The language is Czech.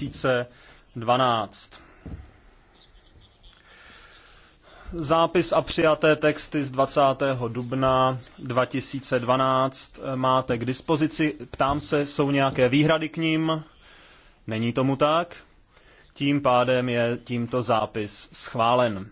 2012. Zápis a přijaté texty z 20. dubna 2012 eh, máte k dispozici. Ptám se, jsou nějaké výhrady k ním? Není tomu tak? Tím pádem je tímto zápis schválen.